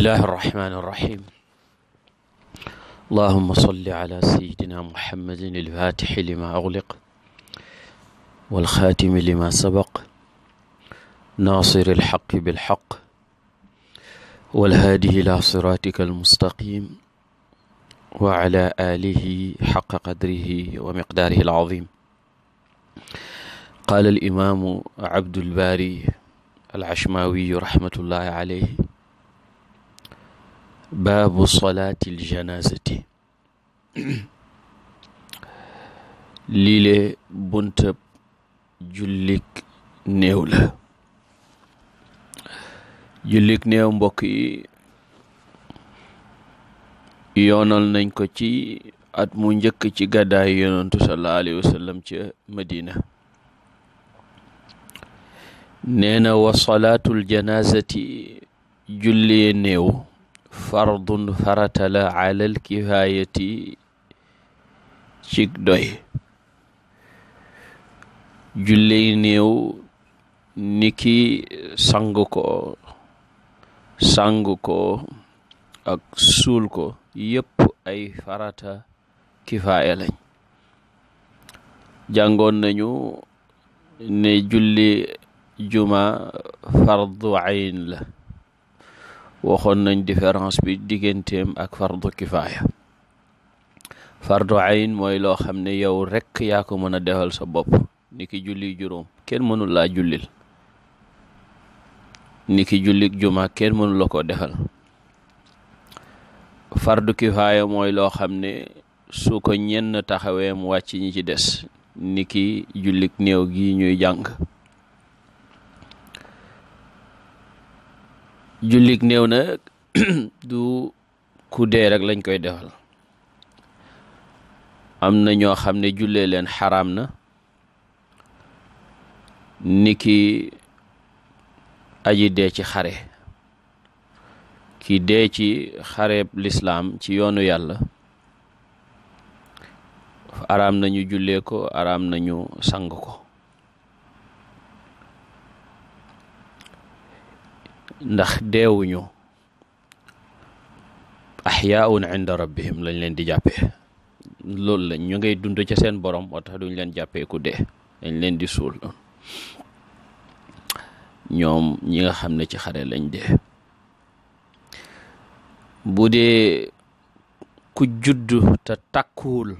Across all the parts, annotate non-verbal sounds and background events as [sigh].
bismillahi irrahmani irrahim allahuma solli ala sayidina muhammadin ilfatixi lima axliq walxaatimi lima sabaq naasiri ilxaqi bilxaq walhaadihi ila siraatika almustaqim wa ala aalihi xaqa qadrihi wa miqdaarihi alazim qaala alimaamu abdulbaari alcashmaawiyu rahmatullahi alayhi baabu solaati ljanazati liile buntab jullik néew la jullik néew mbokk yi nañ ko ci at mu njëkk ci gàddaay yonentu sallallahu alayhi wa sallam ci madina nee na wa solaatul janazati jullee néew fardun farata la alal kifaayati cig doy julley néew niki sang ko ak suul ko yépp ay farata kifaaya lañ jàngoon nañu ne julli juma fardu ayn la waxoon nañ différence bi digganteem ak fardu kifaaya fardu ayn mooy loo xam ne yow rekk yaa ko mën a defal sa bopp ni ki julli juróom kenn mënul laa jullil niki julli juma kenn mënul la defal fardu kifaaya mooy loo xam ne su ko ñenn taxawee mu wàcc ñi ci des ni ki jullik néew gi ñuy jàng jullik néew na [clears throat] du ku dee rek lañ koy defal am na ñoo xam ne jullee leen xaraam na ni ki aji dee ci xare ki dee ci xareeb lislaam ci yoonu yàlla araam nañu jullee ko araam nañu sang ko ndax deewuñu axyaaun inda rabbihim lañ leen di jàppee loolu lañ ñu ngay dund ca seen borom moo tax duñ leen jàppee ku dee dañ leen di suul ñoom ñi nga xam ne ci xare lañ dee bu dee ku judd te takkuwul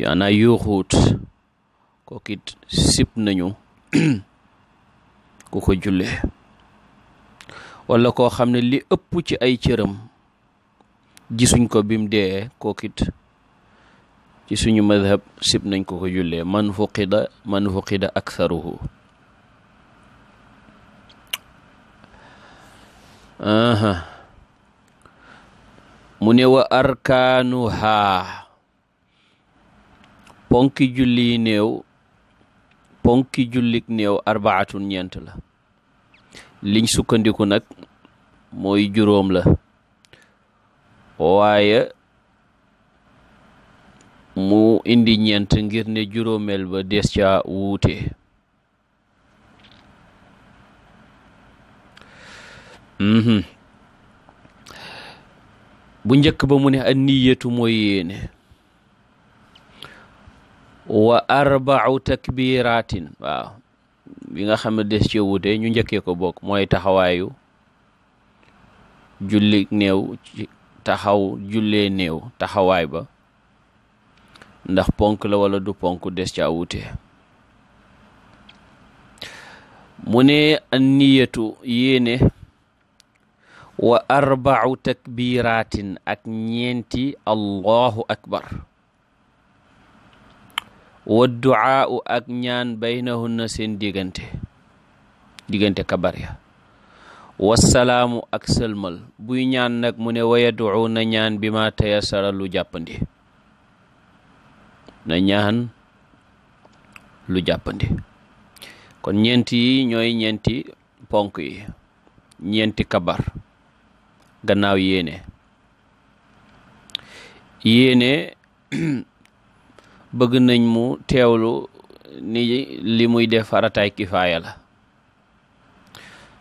yaana yuuxuut kookit sip nañu [clears throat] ku ko jullee wala koo xam ne li ëpp ci ay cëram gisuñ ko bim dee kokit ci suñu madhab sib nañ ko ko jullee man fuqida man fuqida aktharuhu aha mu ne wa arkaanuhaa ponki julli néew ponki jullik néew arbaatun ñeent la liñ sukkandiku nag mooy juróom la waaye mu indi ñeent ngir ne juróomeel ba des ca wuute mhm. bu njëkk ba mu ne an mooy yéene wa arbau takbiratin bi nga xam ne des ci wuute ñu njëkkee ko bokk mooy taxawaayu julli néew ci taxaw jullee néew taxawaay ba ndax ponk la wala du ponk des ca wuute mu ne an yéene wa arbau takbiratin ak ñeenti allahu akbar wa duaau ak ñaan baynahunna seen diggante diggante kabar ya wasalaamu ak sëlmal buy ñaan nag mu ne wa yaduuna ñaan bi ma tayasara lu jàppandi na ñaan lu jàppandi kon ñeenti yi ñooy ñeenti ponk yi ñeenti kabar gannaaw yéene yéene [clears throat] bëgg nañ mu teewlu ni li muy def farataay kifaaya la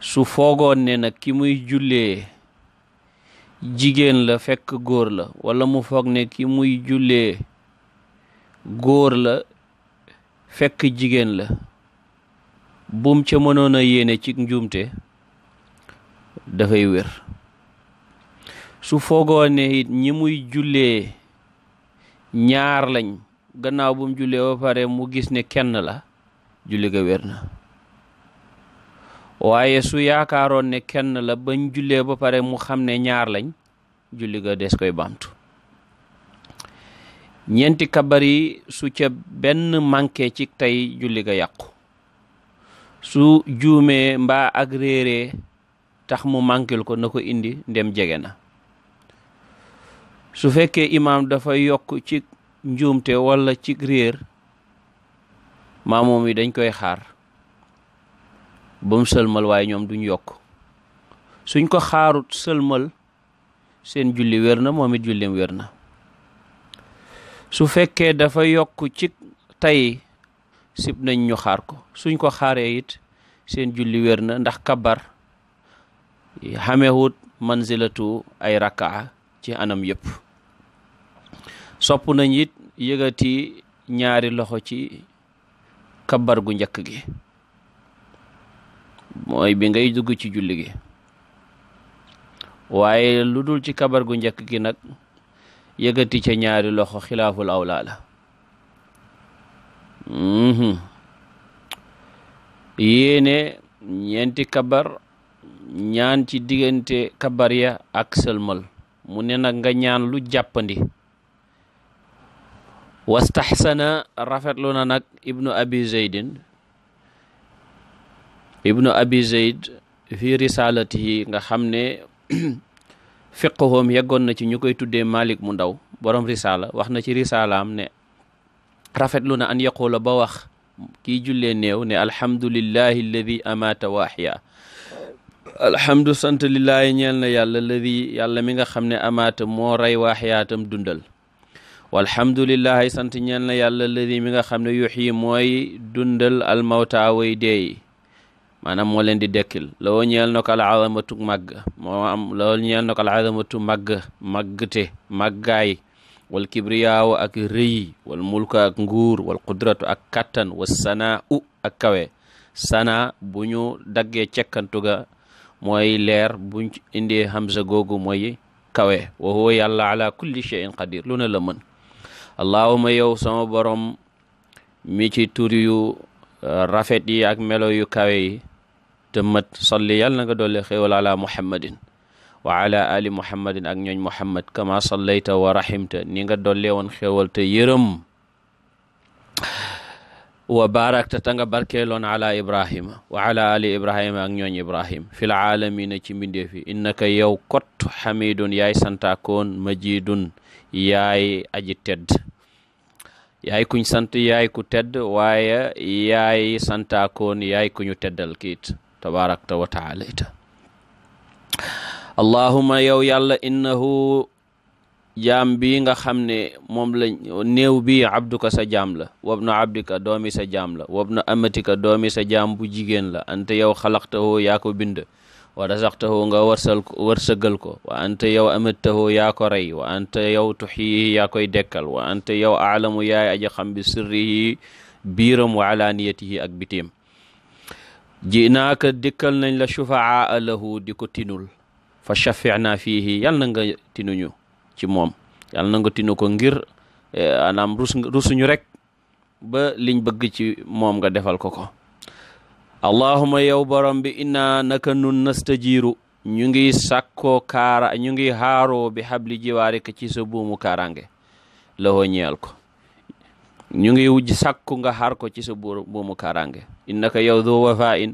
su foogoon ne nag ki muy jullee jigéen la fekk góor la wala mu foog ne ki muy jullee góor la fekk jigéen la bum ca mënoon a yéene ci njuumte dafay wér su foogoon ne it ñi muy jullee ñaar lañ gannaaw bu mu jullee ba pare mu gis ne kenn la julli ga wér na waaye su yaakaaroon ne kenn la bañ jullee ba pare mu xam ne ñaar lañ julli ga des koy baamtu ñeenti kabar yi su ca benn manqué ci tey julli ga yàqu su juumee mbaa ak réeree tax mu manquil ko na ko indi ndem jege na su fekkee imaam dafa yokk ci njuumte walla cig réer maamoom yi dañ koy xaar ba mu sëlmal waaye ñoom duñ yokk suñ ko xaarut sëlmal seen julli wér na moom it jullim wér na su fekkee dafa yokk ci tey sib nañ ñu xaar ko suñ ko xaaree it seen julli wér na ndax kabar xamewut manzilatu ay rakaa ci anam yëpp sopp nañ it yëgati ñaari loxo ci kabbar gu njëkk gi mooy bi ngay dugg ci julli gi waaye lu dul ci kabar gu njëkk gi nag yëgati ci ñaari loxo xilaaful awlaa la mhm. yéene ñeenti kabar ñaan ci diggante kabar ya ak sëlmal mu ne nag nga ñaan lu jàppandi wastaxsana rafetlu na nag ibnu abi zeydin ibnu abi zeyd fi risalatihi nga xam ne [clears throat] fiqhum yeggoon na ci ñu koy tuddee malik mu ndaw borom risala wax na ci risalaam ne rafetlu na an yaqula ba wax kii jullee néew ne alhamdulillahi alladi alhamdu sant lillaahi ñeel na yàlla yàlla mi nga xam ne amaata moo rey waaxyaatam dundal walhamdulillahi sant ñeen yàlla mi nga xam ne yuxyi mooy dundal almawta way deey maanaam leen di dekkil loo ñeel na ko al azamatu màgg moo am loo wal kibriyaaw ak rëy wal mulka ak nguur wal qudratu ak kattan wa sanaa u ak kawe sanaa bu ñu daggee cekkantu ga mooy leer buñ indee hamza googu mooy kawe wa huwa kulli shay'in qadir allahuma yow sama borom mi ci tur yu uh, rafet yi ak melo yu kawe yi te mat salli yàlla na nga doole xéewal ala muhammadin wa ala ali muhammadin ak ñooñ muhammad kama sallayta wa rahimta ni nga dolle woon xéewal te yërëm wa barakta ta nga barkeeloon ala ibrahima wa ala ali ibrahima ak ñooñ ibrahim fil aalamina ci mbindeef yi innaka yow kot xamidun yaay santaakoon majidun yaay aji tedd yaay kuñ sant yaay ku tedd waaye yaay santaakoon yaay ku ñu teddal kiit tabarakta wa taalayta allahuma yow yàlla innahu jaam bi nga xam ne moom la new bi abduka sa jaam la wabnu abdika doomi sa jaam la wabnu amatika doomi sa jaam bu jigéen la ante yow xalaqtahu yaa ko bind wa razaqtahu nga wërsal ko wa anta yow amattahu yaa ko rey wa anta yow tuxyihi yaa koy dekkal wa anta yow aalamu yaay aji xam bi sirrihi biiram wa alaaniyatihi ak bitiim ji naaka dikkal nañ la shufaa lahu di ko tinul fa shafi'na fiihi yal ci moom yal na tinu ko ngir eh, anaam rus rek ba liñ bëgg ci moom nga defal ko ko allahuma yow borom bi inna naka nun nastajiiru ñu ngi sàkkoo kaara ñu ngi xaaroo bi xabli jiwaarika ci sa buumu karange lahoo ñeel ko ñu ngi wujj sàkku nga xaar ko ci sa buumu kaaraange innaka yow doo wafa in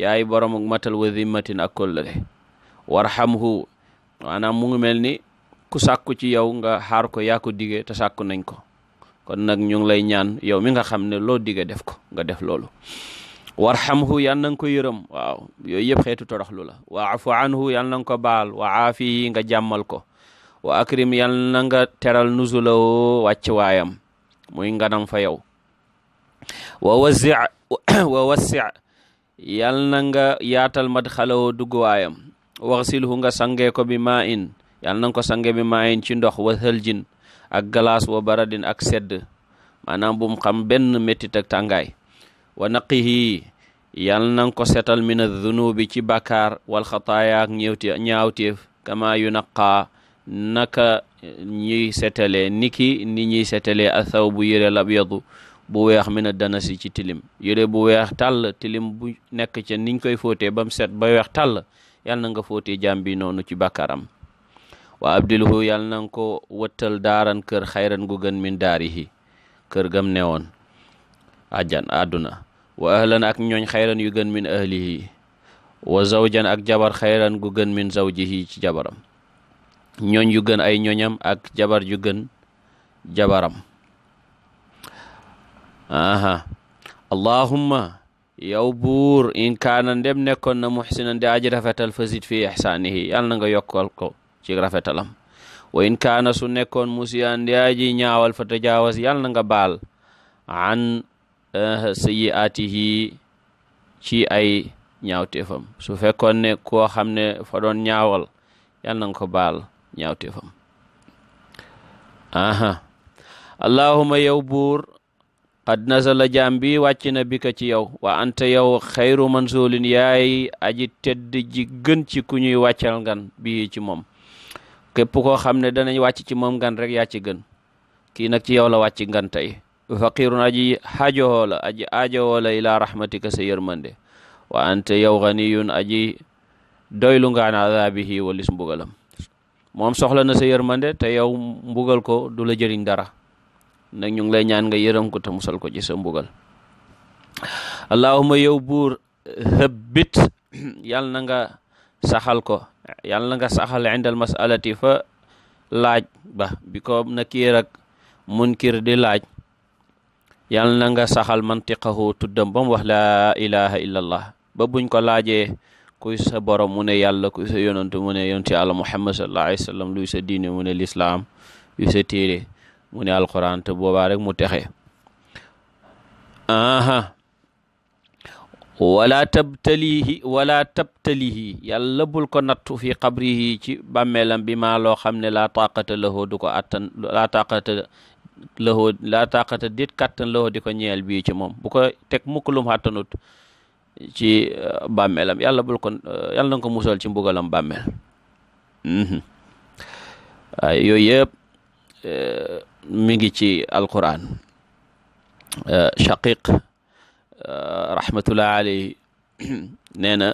yaay borom ak matal wa zimmatin ak kollale warhamhu maanaam mu ngi mel ni ku sàkku ci yow nga xaar ko yaa ko digee te nañ ko kon nag ñu ngi lay ñaan yow mi nga xam ne loo digee def ko nga def loolu warhamhu yal na nga ko yërëm waaw yooyu yëpp xeetu toroxlu la wa afu anhu yal na nga ko baal wa aafihi nga jàmmal ko wa akrim yal na nga teral nuzulawo wàcc waayam muy nganam fa yow wa wasi [coughs] wa na nga yaatal madxalawo dugguwaayam waxsilhu nga sangee ko bi maa in yal na ko sange bi maa in ci ndox wa hëljin ak galaas wa baradin ak sedd maanaam bu xam benn méttit ak tàngaay wa naqihi yal na nga ko setal min adunubi ci bàkkaar wal xataayaak ñëwti ñaawteef kama yunaqaa naka ñuy setalee niki ni ñuy setalee athaw bu yëre labyadu bu weex min a danasi ci tilim yëre bu weex tàll tilim bu nekk ci niñ koy fóotee ba mu set ba weex tàll yal na nga fóotee jaam bi noonu ci bàkkaaram wa abdilhu yal na nga ko wëttal daaran kër xayran gu gën min daarihi kër gam newoon àjjan àdduna wa ahlan ak ñooñ xayran yu gën min ahlihi wa zawjan ak jabar xayran gu gën min zawjihi ci jabaram ñooñ yu gën ay ñooñam ak jabar yu gën jabaram aha allahumma yow buur in kaana ndem nekkoon na muhsinan di aji rafetal fasid fi ihsaanihi yàlla na nga yokkal ko ci rafetalam wa in kaana su nekkoon musiyan di aji ñaawal fa tajaawaz yàlla na nga baal Eh, sayyi'aatihi ci ay ñaawteefam su fekkoon ne koo xam ne fa doon ñaawal yal na ko baal ñaawteefam aha allahuma yow buur qad nazala jaam bi wàcc na bi ka ci yow wa anta yow xayru mansolin yaay aji tedd ji gën ci ku ñuy wàccal ngan bi ci moom képp koo xam ne danañ wàcc ci moom ngan rek yaa ci gën kii nag ci yow la wàcc ngan tey faqirun aji xaajowoo la aji aajowoo la ilaa rahmatika sa wa anta yow ganiyun aji doylu nga an adaabihi walis mbugalam moom soxla na sa yërmande te yow mbugal ko du la jëriñ dara nag ñu ngi lay ñaan nga yërëm ko te musal ko ci sa mbugal allahuma yow buur hëbbit [clears throat] yal na nga saxal ko yal na nga saxal indal masalati fa laaj ba bi ko nakiir munkir di laaj yal na nga saxal mantiqahu tuddam ba mu wax laa ilaha ba buñ ko laaje kuy sa borom mu ne yàlla kuy sa yonantu mu ne muhammad sallallahu alayhi wa sallam luy sa diine mu ne lislaam luy sa téere mu ne alquran mu texe aha wala tabtalihi wala tabtalihi yàlla bul ko nattu fi qabrihi ci bàmmeelam bi maa loo xam ne laa taqata lahu du attan laa taqata lëxoo laa taqata dit kàttan lëxoo di ko ñeel bii ci moom bu ko teg mukk lum xàttanut ci uh, bàmmeelam yàlla bul uh, ko musal ci mbugalam bàmmeel mm-hmm. waaye yooyu yëpp uh, mi ngi ci alquran shaqiq rahmatullah alayhi [coughs] nee na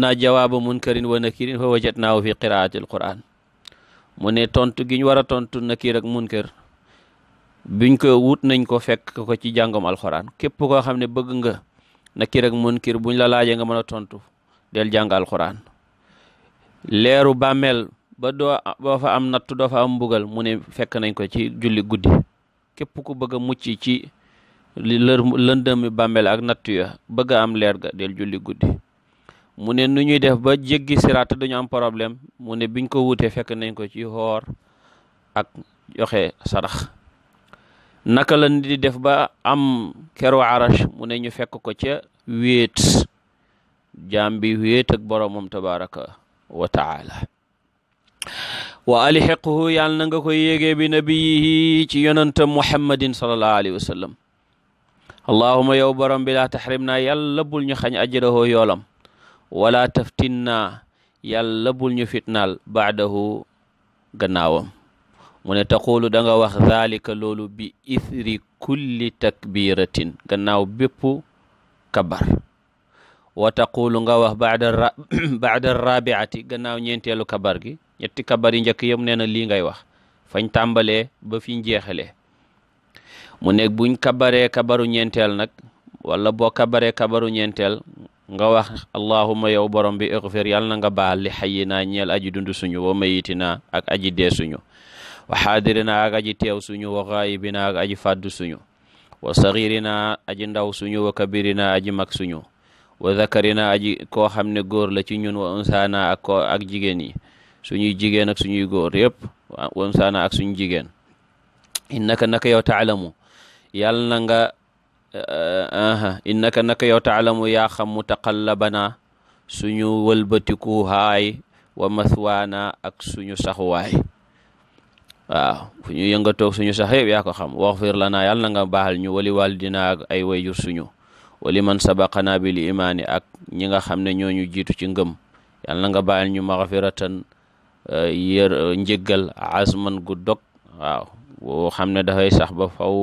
naa jawaaba munkarin wa nakirin fa wajadnaahu fi qiraati alquran mu ne tontu gi ñu war a tontu Nakiir ak Munkar biñ ko wut nañ ko fekk ko ci jàngam alxuraan képp koo xam ne bëgg nga Nakiir ak Munkar buñ la laajee nga mën a tontu del jàng alxuraan leeru bàmmeel ba doo am nattu doo fa am mbugal mu ne fekk nañ ko ci julli guddi képp ku bëgg a mucc ci lër lëndëmi bàmmeel ak nattu ya bëgg a am leer ga del julli guddi mu ne nu ñuy def ba jéggi siraat duñu am problème mu ne biñ ko wutee fekk nañ ko ci xoor ak joxe sarax naka la di def ba am keru arash mu ne ñu fekk ko ca wéet jambi bi wéet ak boromam tabaraka wa taala wa alxiqhu yàlla na nga ko yéegee bi nabiyihi ci yonantam muhammadin sallallahu alayhi wa sallam allahuma yow borom bi laa taxrim naa yàlla bul ñu xañ ajrahoo yoolam wala taftinnaa yàlla bul ñu fitnaal baadahu gannaawam mu ne taqulu danga wax zalika loolu bi ithri kulli takbiratin gannaaw bépp kabar wa taqulu nga wax baada ra [clears throat] baada rabiati gannaaw ñeenteelu kabar gi ñetti kabar yi njëkk yëpp nee na lii ngay wax fañ tàmbalee ba fiñ jeexalee mu ne buñ kabaree kabaru ñeenteel nag wala boo kabaree kabaru ñeenteel nga wax allahuma yow borom bi ixfir na nga baal li xayinaa ñeel aji dund suñu wa mayitinaa ak aji dee suñu wa xaadirina ak aji teew suñu wa xaayibina ak aji fàddu suñu wa saxirina aji ndaw suñu wa kabirina aji mag suñu wa zakarina aji koo xam ne góor la ci ñun wa unsaana ak koo ak jigéen yi suñuy jigéen ak suñuy góor yëpp wa unsaana ak suñu jigéen innaka naka yow taalamu yàlla na nga Eh, eh, aha innaka naka yow taalamu yaa xam mutaqallabanaa suñu wëlbatikuwaay wa maswaana ak suñu saxuwaay waaw fu ñu suñu sax yëpp yaa ko xam waxfir lanaa yàlla nga baaxal ñu wali waalidina ak ay wayjur suñu wali man sabaqanaa bil imaani ak ñinga nga xam ne ñooñu jiitu ci ngëm yàlla na nga baaxal ñu maxfiratan eh, yër njëggal azman gu dog waaw boo xam ne dafay ba faw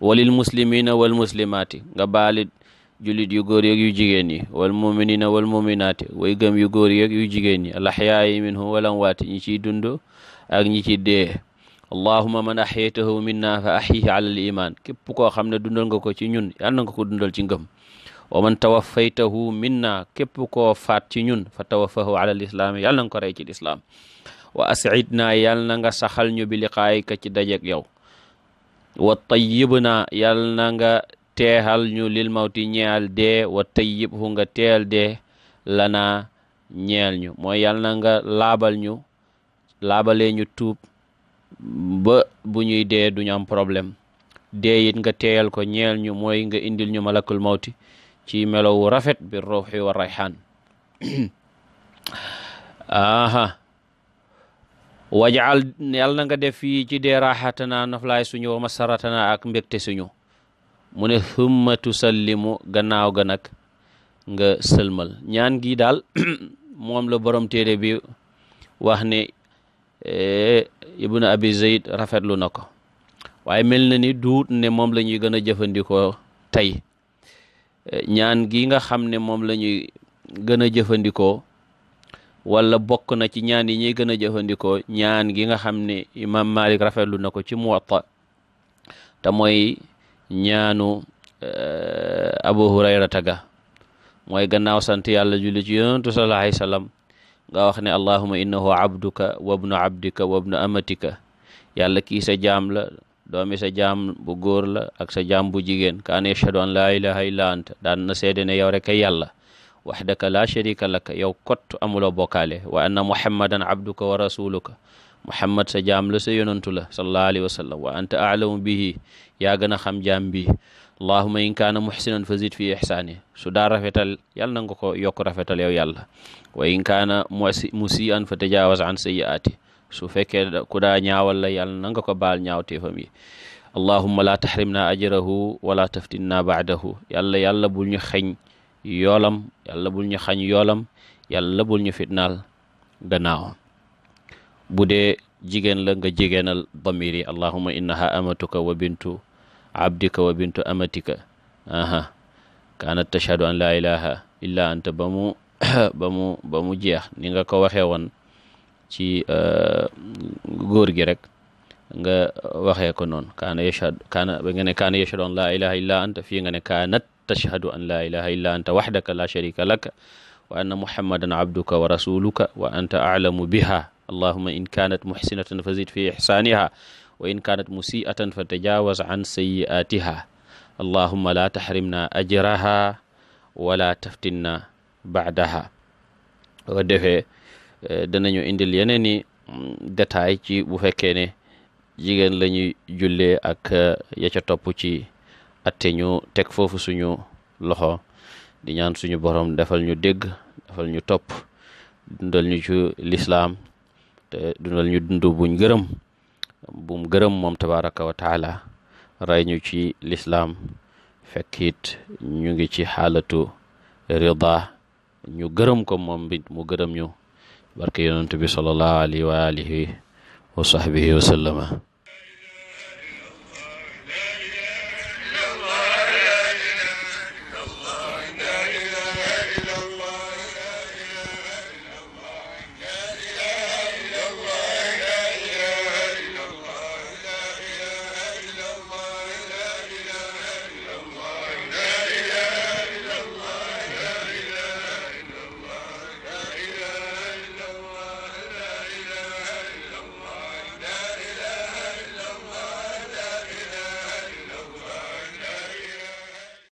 walil muslimina wal muslimaati nga baalit jullit yu góor yeeg yu jigéen yi wal muminina wal muminaati gëm yu góor yeeg yu jigéen yi laxyaayi minhum wal amwaati ñi ciy dund ak ñi ci dee allahuma man axyaytahu minna fa axyihi ala al iman képp koo xam ne dundal nga ko ci ñun yal nga ko dundal ci ngam wa man tawaffaytahu minna képp ko faat ci ñun fa tawaffahu ala al islaam yal nga ko rey ci lislaam wa asidna yal na nga saxal ñu bi liqaayika ci dajek yow wa tayyibna yal na nga teexal ñu lil mawti ñeel dee wa tayyib nga teel dee lana ñeel ñu mooy yal nga laabal ñu laabalee ñu tuub ba bu ñuy dee duñu am problème dee it nga teeyal ko ñeel ñu mooy nga indil ñu malakul mawti ci melowu rafet bi ruuxi wa rayxaan [coughs] aha wajaal yàlla na nga def fii ci dee raaxatana noflaay suñu wa masaratana ak mbégte suñu mu ne thumma tusallimu gannaaw ga nag nga sëlmal ñaan gi daal [clears throat] moom la borom téere bi wax ne eh, ibnu abi zeyd rafetlu na ko waaye mel na ni duut ne moom la ñuy gën a jëfandikoo tey eh, ñaan gi nga xam ne moom la ñuy gën a jëfandikoo wala bokk na ci ñaan yi ñuy gën a jëfandikoo ñaan gi nga xam ne imaam Malik rafetlu na ko ci Muwatta te mooy ñaanu eh, Abu Hurayrata ga mooy gannaaw sant yàlla julli ci yonentu sallallahu alayhi wasallam nga wax ne allahuma innahu abduka wa bnu abdika wa bnu amatika yàlla kii sa jaam la doomi sa jaam bu góor la ak sa jaam bu jigéen kaana yashhadu an laa ilaha illa anta daan na seede ne yow rek ay yàlla waxdaka laa sharika laka yow kott amuloo bokkaale wa anna muhammadan abduka wa rasuluka muhammad sa jaam la sa yonantu la sallallahu alayhi wa sallam wa anta aalamu bihi yaa gën a xam jaam bi allahuma in kaana muhsinan fa zid fi ihsaani su daa rafetal yàlla na nga ko yokk rafetal yow yàlla wa in kaana musian fa tajaawaz an sayyiaati su fekkee ku daa ñaawal la yàlla na nga ko baal ñaawteefam yi allahuma laa tahrimna ajrahu wala taftinnaa baadahu yàlla yàlla bul ñu yoolam yàlla bul ñu xañ yoolam yàlla bul ñu fitnaal gannaawam bu dee jigéen la nga jigéenal damir yi allahuma innaha amatuka wa bintu abdika wa bintu amatika aha kaanat tashhadu an laa ilaha illa anta ba mu [coughs] ba jeex ni nga ko waxee woon ci euh, góor gi rek nga waxee ko noon kaana yashhadu kaana ba nga ne an laa ilaha illa anta fii nga ne kaanat tashhadu an laa ilaha illa anta wahdaka la sharika laka wa anna muhammadan abduka wa rasuluka wa biha allahuma in kanat muhsinatan fa zid fi ihsaniha wa in kanat fa tajawaz an sayi'atiha allahuma la tahrimna ajraha wala taftinna baadaha ko defee eh, danañu indil yeneen i mm, détail ci bu fekkee ne jigéen la ak eh, ya ci atte ñu teg foofu suñu loxo di ñaan suñu borom defal ñu dégg defal ñu topp dundal ñu ci lislaam dundal ñu dund buñ gërëm bum gërëm moom tabaraka wa ray ñu ci lislaam fekkit ñu ngi ci xaalatu rida ñu gërëm ko moom bi mu gërëm ñu barke yonent bi sallallahu alayhi wa alihi wa sahbihi wa sallama